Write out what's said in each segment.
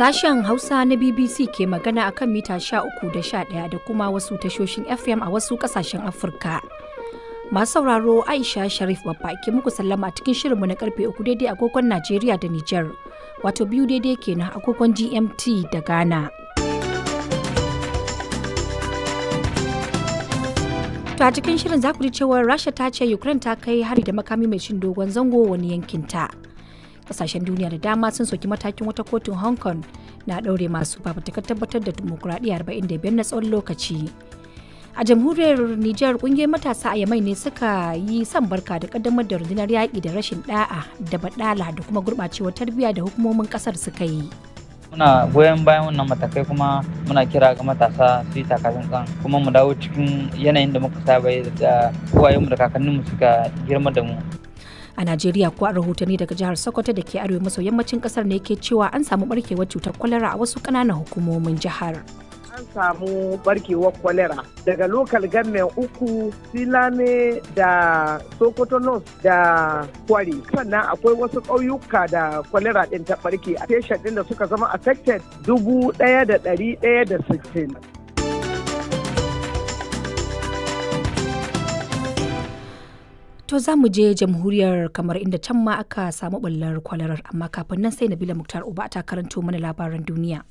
Sashen Hausa na BBC ke magana akan kan mita 13 da 11 da kuma wasu tashoshin FM a wasu kasashen Afirka. Masu sauraro Aisha Sharif babba ke muku sallama a cikin shirinmu na karfe 3 daidai agogon Najeriya da Nijar, wato biyu daidai kenan agogon GMT da Ghana. To a cikin shirin za ku ji cewa Rasha ta ce Ukraine ta kai hari da makami mai cin dogon zango wani yankinta. ta. kasashen duniya da dama sun soki matakin wata kotun hong kong na ɗaure masu fafutukar tabbatar da dimokuraɗiyya 45 na tsawon lokaci a jamhuriyar niger kungiyar matasa a yamai ne suka yi son barka da kaddamar da rundunar yaƙi da rashin da'a da baɗala da kuma gurɓacewar tarbiyya da hukumomin ƙasar suka yi muna goyon bayan wannan matakai kuma muna kira ga matasa su yi kan kuma mu dawo cikin yanayin da muka saba da uwayenmu da kakanninmu suka girma da mu a najeriya ko a rahotanni daga jihar sokoto da ke arewa maso yammacin kasar ne ke cewa an samu barkewar cutar kwalera a wasu kananan hukumomin jihar an samu barkewar kwalera daga lokal government uku silame da sokoto north da kwari sannan akwai wasu ƙauyuka da kwalera ɗin ta barke a patient ɗin da suka zama affected dubu ɗaya da ɗari ɗaya da sittin To za mu je jamhuriyar kamar inda can ma aka samu ɓullar kwalarar amma kafin nan sai Nabila Muktar Uba ta karanto mana labaran duniya.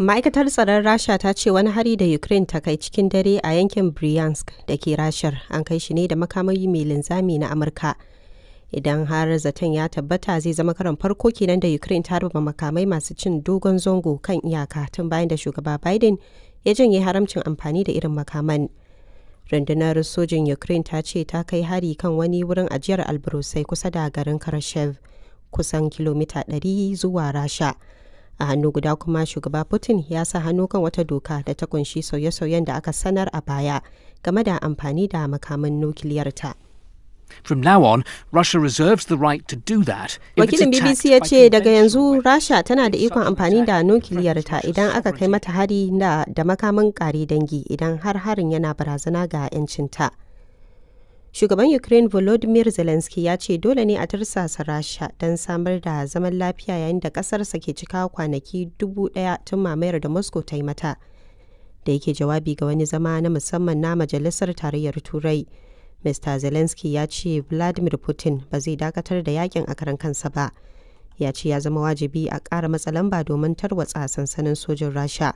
Ma'aikatar tsaron Rasha ta ce wani hari da Ukraine ta kai cikin dare a yankin Bryansk da ke Rashar an kai shi ne da makamai mai linzami na Amurka. Idan har zaton ya tabbata zai zama karan farko kenan da Ukraine ta raba makamai masu cin dogon zango kan iyaka tun bayan da shugaba Biden ya janye haramcin amfani da irin makaman. rundunar sojin ukraine ta ce ta kai hari kan wani wurin ajiyar alburusai kusa da garin karashev kusan kilomita 100 zuwa rasha a hannu guda kuma shugaba putin ya sa hannu kan wata doka da ta kunshi sauye-sauyen da aka sanar a baya game da amfani da makaman nukiliyarta. ta From now on, Russia reserves the right to do that. Wakilin BBC ya ce daga yanzu Rasha tana da ikon amfani da nukiliyar ta idan aka kai mata hari da, da makamin kare dangi idan har harin yana barazana ga 'yancinta. Shugaban Ukraine Volodymyr Zelensky ya ce dole ne a tursasa Rasha don samar da zaman lafiya yayin da ƙasarsa ke cika kwanaki dubu ɗaya tun mamayar da Moscow ta yi mata. Da yake jawabi ga wani zama na musamman na Majalisar Tarayyar Turai. Mr. Zelensky ya ce Vladimir Putin ba zai dakatar da yakin a karan kansa ba. Ya ce ya zama wajibi a kara matsalan ba domin tarwatsa sansanin sojin Rasha.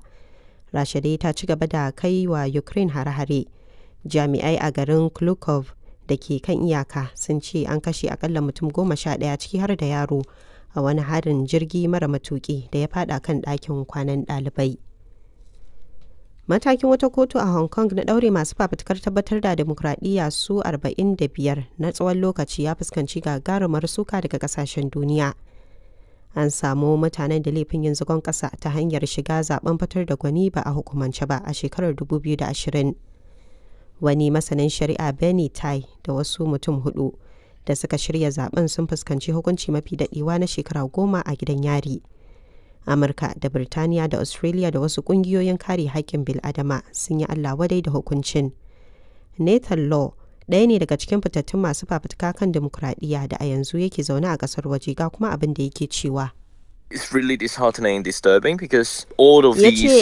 Rasha dai ta ci gaba da kai wa Ukraine hare-hare. Jami'ai a garin Klukov da ke kan iyaka sun ce an kashe akalla mutum goma sha ɗaya ciki har da yaro a wani harin jirgi mara matuƙi da ya fada kan ɗakin kwanan ɗalibai. Matakin wata kotu a Hong Kong na daure masu fafutukar tabbatar da demokradiyya su 45 na tsawon lokaci ya fuskanci gagarumar suka daga kasashen duniya. An samu mutanen da laifin yin zagon kasa ta hanyar shiga zaben fitar da gwani ba a hukumance ba a shekarar 2020. Wani masanin shari'a Benny Tai da wasu mutum hudu da suka shirya zaben sun fuskanci hukunci mafi dadewa na shekara goma a gidan yari. amurka da birtaniya da australia da wasu kungiyoyin kare haƙƙin bil'adama sun yi allah wadai da hukuncin nathan law ɗaya ne daga cikin fitattun masu fafutuka kan dimokuraɗiyya da a yanzu yake zaune a ƙasar waje ga kuma abin da yake cewa It's really disheartening and disturbing because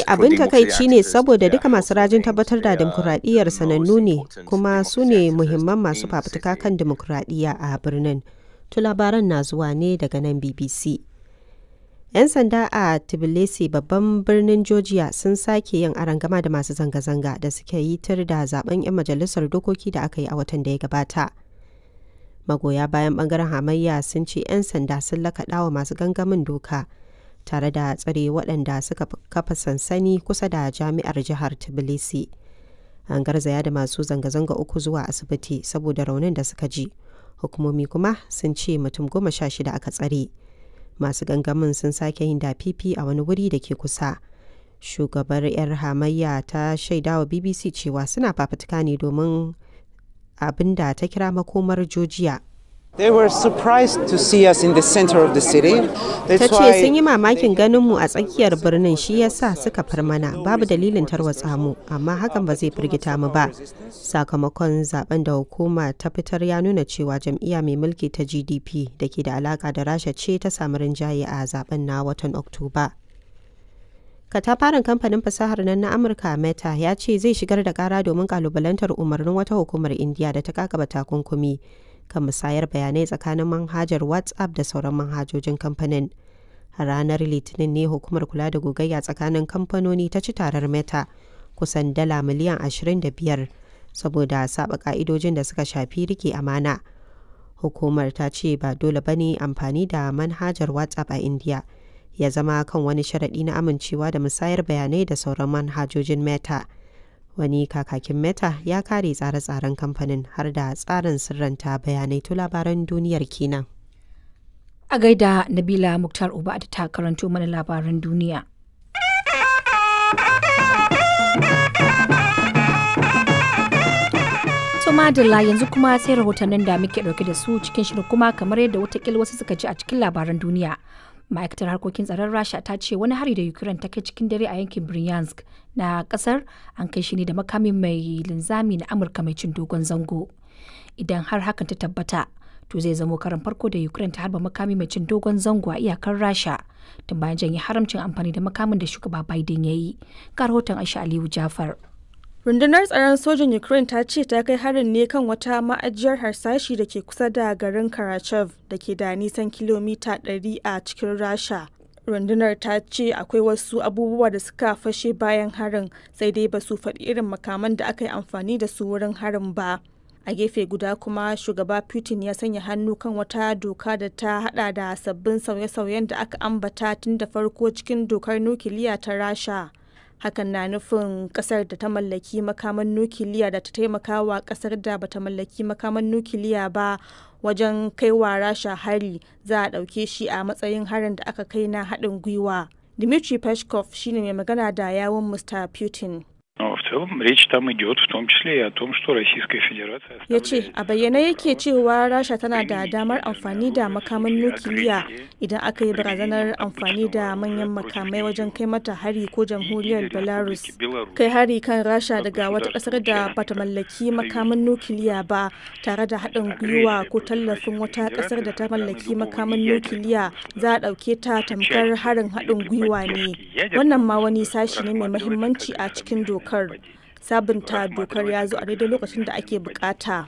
abin takaici ne saboda duka masu rajin tabbatar da uh, dimokuraɗiyyar sanannu ne kuma su ne muhimman masu fafutuka kan dimokuraɗiyya a birnin. Tu labaran na zuwa ne daga nan BBC. 'Yan sanda a Tbilisi babban birnin Georgia sun sake yin arangama da masu zanga-zanga da suke yi tar da zaben 'yan majalisar dokoki da aka yi a watan da ya gabata. Magoya bayan bangaren hamayya sun ce 'yan sanda sun lakaɗa wa masu gangamin doka tare da tsare waɗanda suka kafa sansani kusa da jami'ar jihar Tbilisi. An garzaya da masu zanga-zanga uku zuwa asibiti saboda raunin da suka ji. Hukumomi kuma sun ce mutum goma sha shida aka tsare. masu gangamin sun sake yin dafifi a wani wuri da ke kusa shugabar 'yar hamayya ta shaidawa bbc cewa suna fafutuka ne domin abin da ta kira makomar jojiya Ta ce sun yi mamakin ganinmu a tsakiyar birnin shi yasa suka farmana babu dalilin tarwatsa mu amma hakan ba zai firgita mu ba. Sakamakon zaben da hukuma ta fitar ya nuna cewa jam'iyya mai mulki ta GDP da ke da alaka da Rasha ce ta samu rinjaye a zaben na watan Oktoba. katafaren kamfanin fasahar nan na amurka meta ya ce zai shigar da kara domin kalubalantar umarnin wata hukumar indiya da ta kakaba takunkumi kan musayar bayanai tsakanin manhajar WhatsApp da sauran manhajojin kamfanin. A ranar Litinin ne hukumar kula da gogayya tsakanin kamfanoni ta ci tarar Meta kusan dala miliyan 25 saboda saba ka'idojin da suka shafi rike amana. Hukumar ta ce ba dole bane amfani da manhajar WhatsApp a India ya zama kan wani sharaɗi na amincewa da musayar bayanai da sauran manhajojin Meta. wani kakakin meta ya kare tsare-tsaren kamfanin har da tsarin sirranta bayanai to labaran duniyar kenan. a gaida nabila muktar uba da ta karanto mana labaran duniya madalla yanzu kuma sai rahotannin da muke dauke da su cikin shirin kuma kamar yadda watakila wasu suka ci a cikin labaran duniya ma'aikatar harkokin tsaron rasha ta ce wani hari da ukraine ta kai cikin dare a yankin bryansk na kasar an kai shi ne da makamin mai linzami na amurka mai cin dogon zango idan har hakan ta tabbata to zai zamo karan farko da ukraine ta harba makami mai cin dogon zango a iyakar rasha tun bayan janye haramcin amfani da makamin da shugaba biden ya yi ga rahoton aisha aliyu jafar Rundunar tsaron sojin Ukraine ta ce ta kai harin ne kan wata ma'ajiyar harsashi da ke kusa da garin Karachev da ke da nisan kilomita 100 a cikin Rasha. Rundunar ta ce akwai wasu abubuwa da suka fashe bayan harin sai dai ba su faɗi irin makaman da aka yi amfani da su wurin harin ba. A gefe guda kuma shugaba Putin ya sanya hannu kan wata doka da ta hada da sabbin sauye-sauyen da aka ambata tun da farko cikin dokar nukiliya ta Rasha. hakan na nufin kasar da ta mallaki makaman nukiliya da ta taimaka wa kasar da ba ta mallaki makaman nukiliya ba wajen kaiwa rasha hari za a ɗauke shi a matsayin harin da aka kai na haɗin gwiwa dmitry peshkov shine mai magana da yawun mr putin Но ce a bayyane yake cewa Rasha tana da damar amfani da makaman nukiliya idan aka yi barazanar amfani da manyan makamai wajen kai mata hari ko jamhuriyar Belarus. Kai hari kan Rasha daga wata ƙasar da bata mallaki makaman nukiliya ba tare da haɗin gwiwa ko tallafin wata ƙasar da ta mallaki makaman nukiliya za a ɗauke ta tamkar harin haɗin gwiwa ne. Wannan ma wani sashi ne mai muhimmanci a cikin doka. dokar sabunta dokar ya zo a daidai lokacin da ake bukata.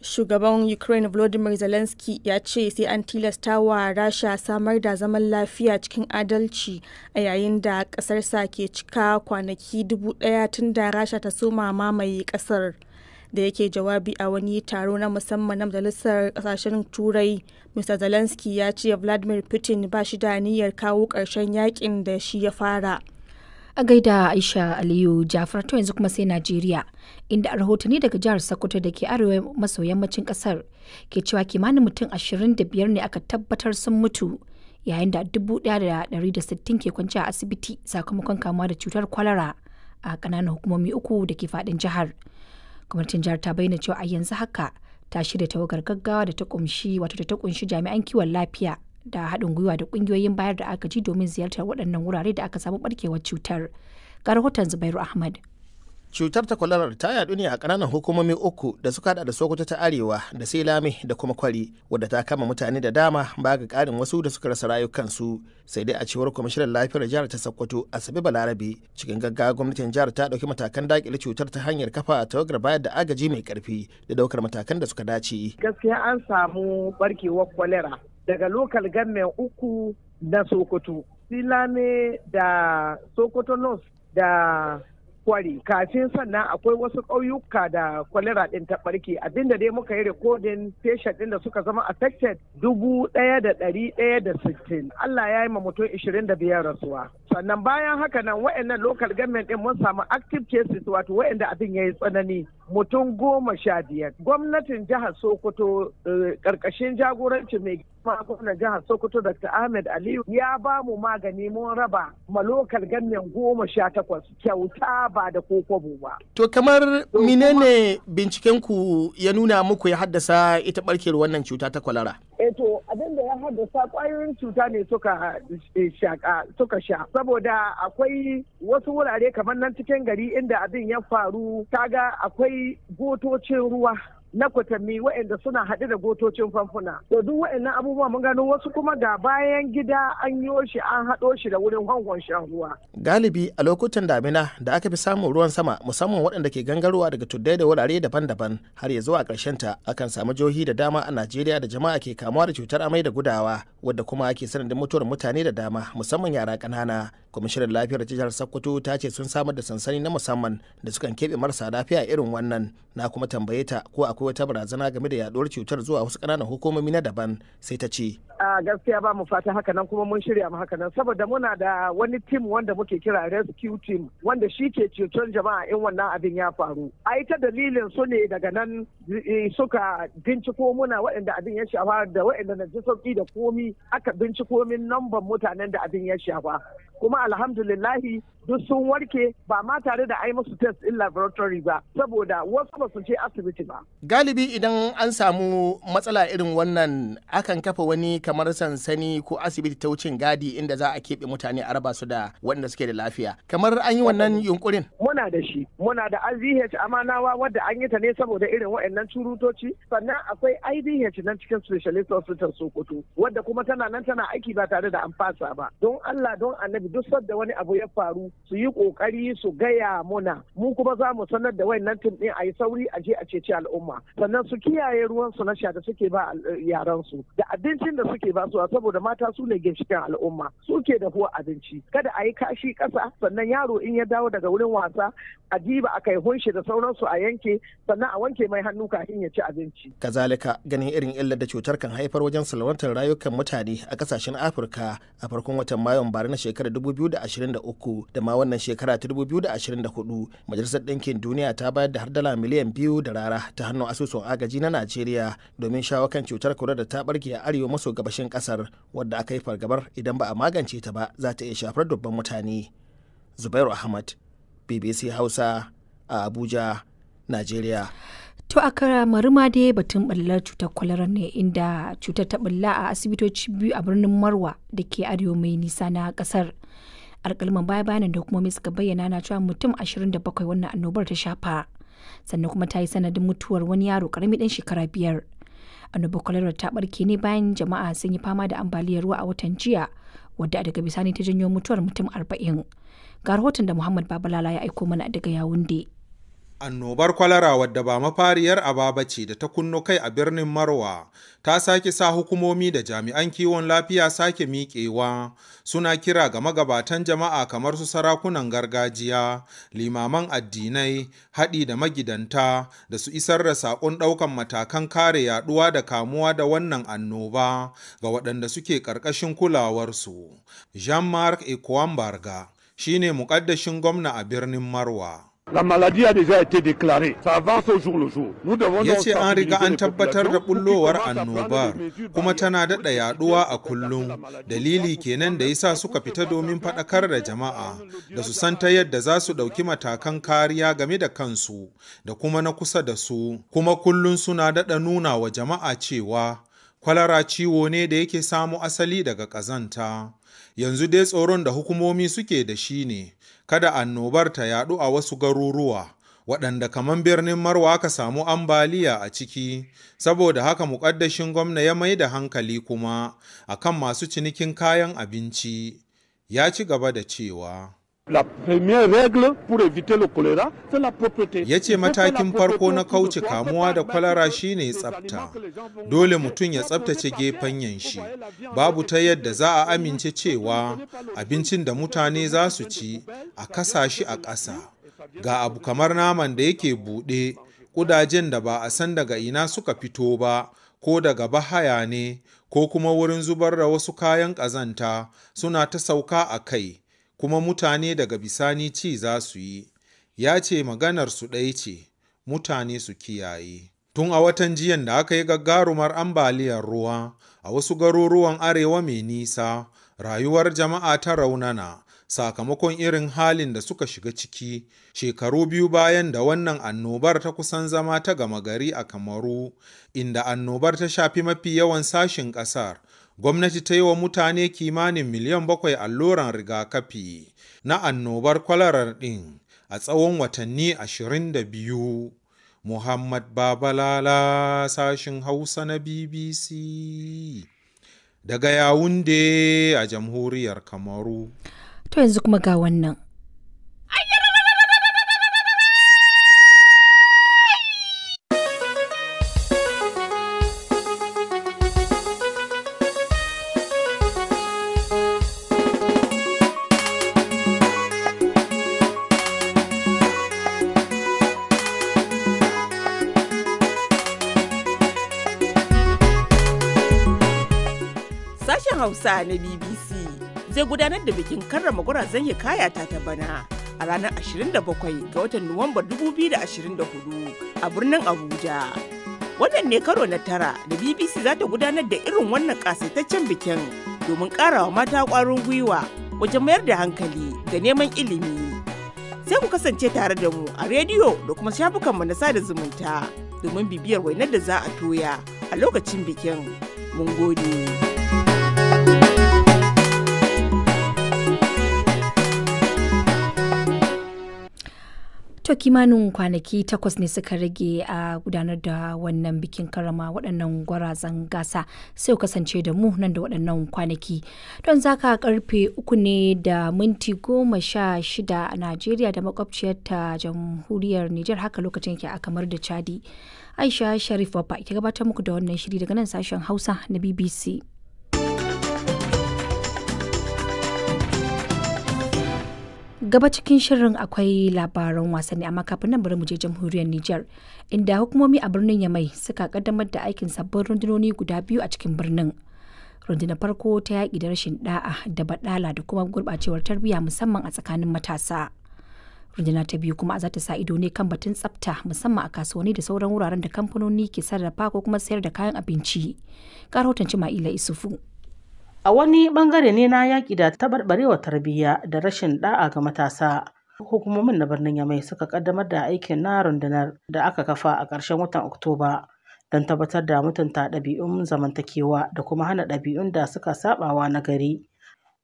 Shugaban Ukraine Volodymyr Zelensky ya ce sai an tilasta wa Rasha samar da zaman lafiya cikin adalci a yayin da ƙasarsa ke cika kwanaki dubu ɗaya tun da Rasha ta soma mamaye ƙasar. da yake jawabi a wani taro na musamman na majalisar ƙasashen turai mr zelensky ya ce vladimir putin ba shi da niyyar kawo ƙarshen yakin da shi ya fara A gaida Aisha Aliyu Jafar to yanzu kuma sai Najeriya, inda rahotanni daga jihar Sokoto da ke arewa maso yammacin kasar ke cewa kimanin mutum ashirin da biyar ne aka tabbatar sun mutu yayin da 1,160 ke kwanci a asibiti sakamakon kamuwa da cutar kwalara a kananan hukumomi uku da ke fadin jihar. Gwamnatin jihar ta bayyana cewa a yanzu haka ta shirya tawagar gaggawa da ta kunshi wato da ta kunshi jami'an kiwon lafiya da haɗin gwiwa da ƙungiyoyin bayar da agaji domin ziyartar waɗannan wurare da aka samu ɓarkewar cutar. Ga rahoton Zubairu Ahmad. Cutar ta kwalarar ta yaɗu ne a ƙananan hukumomi uku da suka haɗa da Sokoto ta Arewa da lami da kuma Kwari wadda ta kama mutane da dama ba ga ƙarin wasu da suka rasa rayukansu sai dai a cewar kwamishinan lafiyar jihar ta Sokoto Asabe Balarabe cikin gaggawa gwamnatin jihar ta ɗauki matakan daƙile cutar ta hanyar kafa tawagar bayar da agaji mai ƙarfi da ɗaukar matakan da suka dace. Gaskiya an samu barkewar kwalera daga lokal government uku na sokoto silame da sokoto north da kwari kafin sannan akwai wasu ƙauyuka da kwalera ɗin ta abinda dai muka yi rikodin patient ɗin da suka zama affected dubu ɗaya da ɗari ɗaya da sittin Allah ya yi ma mutum ishirin da biyar rasuwa sannan bayan haka nan wa'annan lokal government ɗin mun samu active cases wato wa'anda abin ya yi tsanani mutum goma sha biyar gwamnatin jihar Sokoto eh, ƙarƙashin jagorancin mai kuma gwamnan jihar Sokoto Dr. Ahmed Aliyu ya ba mu magani mun raba malokal ganyen goma sha takwas kyauta ba da kokobo ba. To kamar menene binciken ku ya nuna muku ya haddasa ita barkewar wannan cuta ta kwalara? Eto eh, abin da ya haddasa kwayoyin cuta ne suka eh, shaka suka sha saboda akwai wasu wurare kamar nan cikin gari inda abin ya faru kaga akwai gotocin ruwa na kwatanni waɗanda suna haɗe da gotocin famfuna. da duk waɗannan abubuwa mun gano wasu kuma ga bayan gida an yi shi an haɗo shi da wurin hangon shan ruwa. Galibi a lokutan damina da aka fi samun ruwan sama musamman waɗanda ke gangarowa daga tuddai da wurare daban-daban har ya zuwa ƙarshen ta akan samu jihohi da dama a Najeriya da jama'a ke kamuwa da cutar amai da gudawa wadda kuma ake sanadin mutuwar mutane da dama musamman yara kanana kwamishinan lafiyar jihar sokoto ta ce sun samar da sansani na musamman da sukan keɓe marasa lafiya irin wannan na kuma tambaye ta ko akwai wata barazana game da yaduwar cutar zuwa wasu ƙananan hukumomi na daban sai ta ce a gaskiya ba mu fata haka nan kuma mun shirya mu haka nan saboda muna da wani tim wanda muke kira rescue team wanda shi ke ceton jama'a in wannan abin ya faru ai ta dalilin su ne daga nan eh, suka binciko muna waɗanda abin ya shafa da waɗanda na ji sauki da komi aka binciko min namban mutanen da abin ya shafa kuma alhamdulillahi duk sun warke ba ma tare da ai musu test in laboratory ba saboda wasu ba su je asibiti ba. Galibi idan an samu matsala irin wannan akan kafa wani kamar sansani ko asibiti ta wucin gadi inda za a keɓe mutane a raba su da wanda suke da lafiya. Kamar an yi wannan yunkurin? Muna da shi. Muna da idh amanawa wadda an yi ta ne saboda irin waɗannan curutoci sannan akwai idh nan cikin specialist hospital Sokoto wadda kuma tana nan tana aiki ba tare da an fasa ba. Don Allah don annabi duk sadda wani abu ya faru su yi kokari su gaya muna mu kuma za mu sanar da wayan nan din a yi sauri a je a ceci al'umma sannan su kiyaye ruwan su na sha da suke ba eh, yaran su da abincin da suke ba su saboda mata su ne ginshikin al'umma suke da huwa abinci kada a yi kashi ƙasa sannan yaro in ya dawo daga wurin wasa a diba a kai hunshi da sauran su a yanke sannan a wanke mai hannu kafin ya ci abinci kazalika ganin irin illar da cutar kan haifar wajen salwantar rayukan mutane a kasashen afirka a farkon watan mayon bara na shekarar 2023 da ma wannan shekara ta 2024 majalisar ɗinkin duniya ta bayar da har dala miliyan biyu da rara ta hannun asusun agaji na najeriya domin shawo kan cutar kura da ta barke a arewa maso gabashin ƙasar wadda aka yi fargabar idan ba a magance ta ba za ta iya shafar dubban mutane zubairu ahmad bbc hausa a abuja najeriya To a karamari ma dai batun ɓallar cutar kwalara ne inda cutar ta ɓalla a asibitoci biyu a birnin Marwa da ke arewa mai nisa na ƙasar. Alƙalman baya bayanan da kuma hukumomi suka bayyana na cewa mutum 27 wannan annobar ta shafa. Sannan kuma ta yi sanadin mutuwar wani yaro ƙarami ɗan shekara biyar. Annobar kwalara ta ɓarke ne bayan jama'a sun yi fama da ambaliyar ruwa a watan jiya wadda daga bisani ta janyo mutuwar mutum 40. Ga rahoton da Muhammad Babalala ya aiko mana daga Yawunde. Annobar kwalara wadda ba mafariyar ababa ce da ta kunno kai a birnin Marwa ta sake sa hukumomi da jami'an kiwon lafiya sake miƙewa suna kira ga magabatan jama'a kamar su sarakunan gargajiya, limaman addinai, haɗi da magidanta da su isar da saƙon ɗaukan matakan kare yaɗuwa da kamuwa da wannan annoba ga waɗanda suke ƙarƙashin kulawarsu. Jean-Marc Ekwambarga shine muƙaddashin gwamna a birnin Marwa. Ya ce an riga an tabbatar da bullowar annobar kuma tana daɗa yaɗuwa a kullum. Dalili kenan da yasa suka fita domin faɗakar da jama'a da su san ta yadda za su ɗauki matakan kariya game da kansu da kuma na kusa da su. Kuma kullum suna daɗa nuna wa jama'a cewa kwalara ciwo ne da yake samu asali daga ƙazanta. yanzu dai tsoron da hukumomi suke da shi ne kada annobar ta yaɗu a wasu garuruwa waɗanda kamar birnin marwa aka samu ambaliya a ciki saboda haka muƙaddashin gwamna ya mai da hankali kuma akan masu cinikin kayan abinci ya ci gaba da cewa La première règle pour éviter le choléra, c'est la propreté. Ya ce matakin farko na kauce kamuwa da kwalara shine tsafta. Dole mutum ya tsaftace gefen yanshi. Babu ta yadda za a amince cewa abincin da mutane za su ci a kasa shi a ƙasa. Ga abu kamar naman da yake buɗe, ƙudajen da ba a san daga ina suka fito ba, ko daga bahaya ne, ko kuma wurin zubar da wasu kayan ƙazanta suna ta sauka a kai. kuma mutane daga bisani ci za su yi, ya ce maganar su ɗaya ce, mutane su kiyaye. Tun a watan jiyan da aka yi gagarumar ambaliyar ruwa a wasu garuruwan arewa mai nisa, rayuwar jama'a ta raunana sakamakon irin halin da suka shiga ciki shekaru biyu bayan da wannan annobar ta kusan zama ta gama gari a Kamaru, inda annobar ta shafi mafi yawan sashin ƙasar gwamnati ta yi wa mutane kimanin miliyan bakwai alluran rigakafi na annobar kwalarar ɗin a tsawon watanni 22. Muhammad Babalala sashin Hausa na BBC daga Yawunde a jamhuriyar Kamaru. To yanzu kuma ga wannan. Hausa na BBC zai gudanar da bikin karrama gurazen kaya ta ta bana a ranar 27 ga watan Nuwambar 2024 a birnin Abuja. Wannan ne karo na tara da BBC za ta gudanar da irin wannan kasaitaccen bikin domin karawa mata kwarin gwiwa wajen mayar da hankali ga neman ilimi. Sai ku kasance tare da mu a rediyo da kuma shafukanmu na sada zumunta domin bibiyar wainar da za a toya a lokacin bikin. Mun gode. To kimanin kwanaki takwas ne suka rage a gudanar da wannan bikin karama waɗannan gwarazan gasa sai kasance da mu nan da waɗannan kwanaki. Don zaka karfe uku ne da minti goma sha shida a Najeriya da makwabciyar ta jamhuriyar Nijar haka lokacin ke a kamar da Chadi. Aisha Sharif Baba ke gabatar muku da wannan shiri daga nan sashen Hausa na BBC. Gaba cikin shirin akwai labaran wasanni amma kafin nan bari mu je jamhuriyar Nijar inda hukumomi a birnin Yamai suka kaddamar da aikin sabbin rundunoni guda biyu a cikin birnin. Rundunar farko ta yaki da rashin da'a da baɗala da kuma gurɓacewar tarbiyya musamman a tsakanin matasa. rundunar ta biyu kuma za ta sa ido ne kan batun tsafta musamman a kasuwanni da sauran wuraren da kamfanoni ke sarrafa ko kuma sayar da kayan abinci. Ƙarotanci Ma'ila Isufu. A wani ɓangare ne na yaƙi da taɓarɓarewar tarbiyya da rashin ɗa'a ga matasa. Hukumomin na birnin Yamai suka ƙaddamar da aikin na rundunar da aka kafa a ƙarshen watan Oktoba don tabbatar da mutunta ɗabi'un zamantakewa da kuma hana ɗabi'un da suka saɓawa na gari.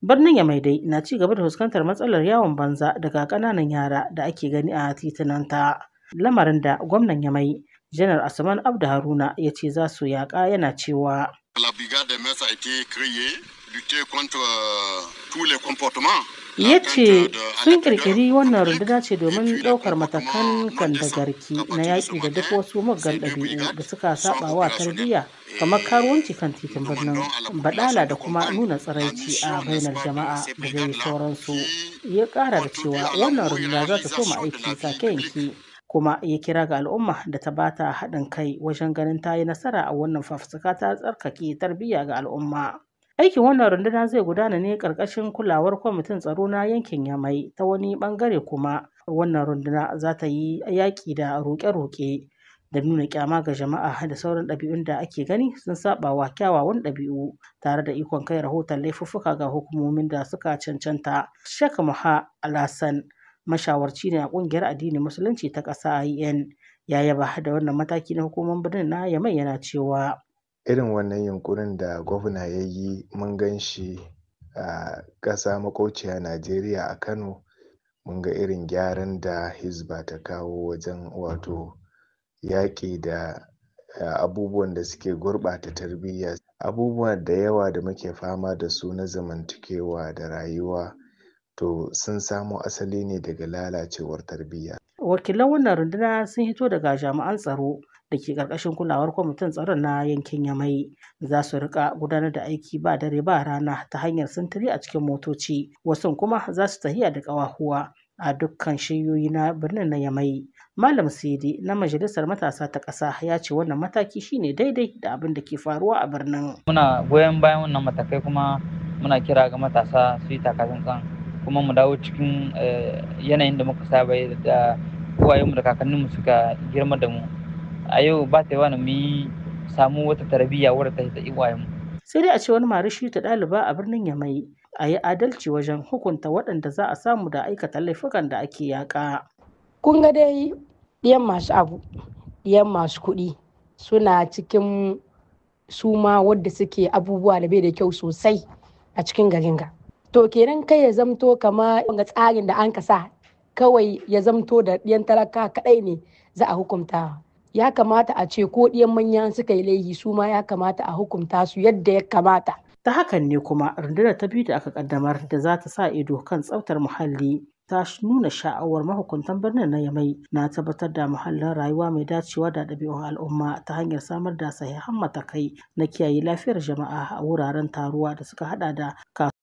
Birnin Yamai dai na ci gaba da fuskantar matsalar yawon banza daga ƙananan yara da ake gani a titunanta. Lamarin da gwamnan Yamai janar Asman Abda Haruna ya ce za su yaƙa yana cewa. Euh, ya ce sun kirkiri wannan runduna ce domin ɗaukar matakan kandagarki na yaƙi da duk wasu muggan ɗabi'u da suka saba wa tarbiyya kamar karuwanci kan titin birnin baɗala da kuma nuna tsiraici a bainar jama'a da zai sauransu ya ƙara da cewa wannan runduna za ta soma aiki sake yanki kuma ya kira ga al'umma da ta bata haɗin kai wajen ganin ta yi nasara a wannan fafutuka ta tsarkake tarbiyya ga al'umma. Aikin wannan runduna zai gudana ne ƙarƙashin kulawar kwamitin tsaro na yankin Yamai ta wani ɓangare kuma wannan runduna za ta yi yaƙi da roƙe-roƙe da nuna kyama ga jama'a da sauran ɗabi'un da ake gani sun saba wa kyawawan ɗabi'u tare da ikon kai rahoton laifuffuka ga hukumomin da suka cancanta. Sheikh Muha Alhassan mashawarci ne a ƙungiyar addinin musulunci ta ƙasa IN ya yaba da wannan mataki na hukumar birnin na mai yana cewa irin wannan yunkurin da gwamna ya yi mun gan shi a ƙasa makociya Najeriya a Kano mun ga irin gyaran da Hizba ta kawo wajen wato yaƙi da abubuwan da suke gurɓata tarbiyya abubuwa da yawa da muke fama da su na zamantakewa da rayuwa to sun samo asali ne daga lalacewar tarbiyya. Wakilan wannan runduna sun hito daga jami'an tsaro da ke ƙarƙashin kulawar kwamitin tsaron na yankin Yamai. Za su rika gudanar da aiki ba dare ba rana ta hanyar sintiri a cikin motoci, wasu kuma za su tahiya da ƙawahuwa a dukkan shiyoyi na birnin na Yamai. Malam Sidi na Majalisar Matasa ta Ƙasa ya ce wannan mataki shine daidai da abin da ke faruwa a birnin. Muna goyon bayan wannan matakai kuma muna kira ga matasa su yi takatsantsan kuma mu dawo cikin eh, yanayin da muka saba da uwayenmu da kakanninmu suka girma da mu a yau ba ta yawa mu yi samu wata tarbiyya wadda ta hita uwayenmu sai dai a ce wani marishi ta ɗaliba a birnin yamai a yi adalci wajen hukunta waɗanda za a samu da aikata laifukan da ake yaƙa. kun ga dai ɗiyan masu abu ɗiyan masu kuɗi suna cikin suma ma wadda suke abubuwa da bai da kyau sosai a cikin garin ga to kenan kai ya zamto kama ga tsarin da an kasa kawai ya zamto da ɗiyan talaka kaɗai ne za a hukunta ya kamata a ce ko ɗiyan manya suka yi laihi su ma ya kamata a hukunta su yadda ya kamata ta hakan ne kuma rundunar ta biyu da aka kaddamar da za ta sa ido kan tsaftar muhalli ta nuna sha'awar mahukuntan birnin na yamai na tabbatar da muhallin rayuwa mai dacewa da ɗabi'un al'umma ta hanyar samar da sahihan matakai na kiyaye lafiyar jama'a a wuraren taruwa da suka hada da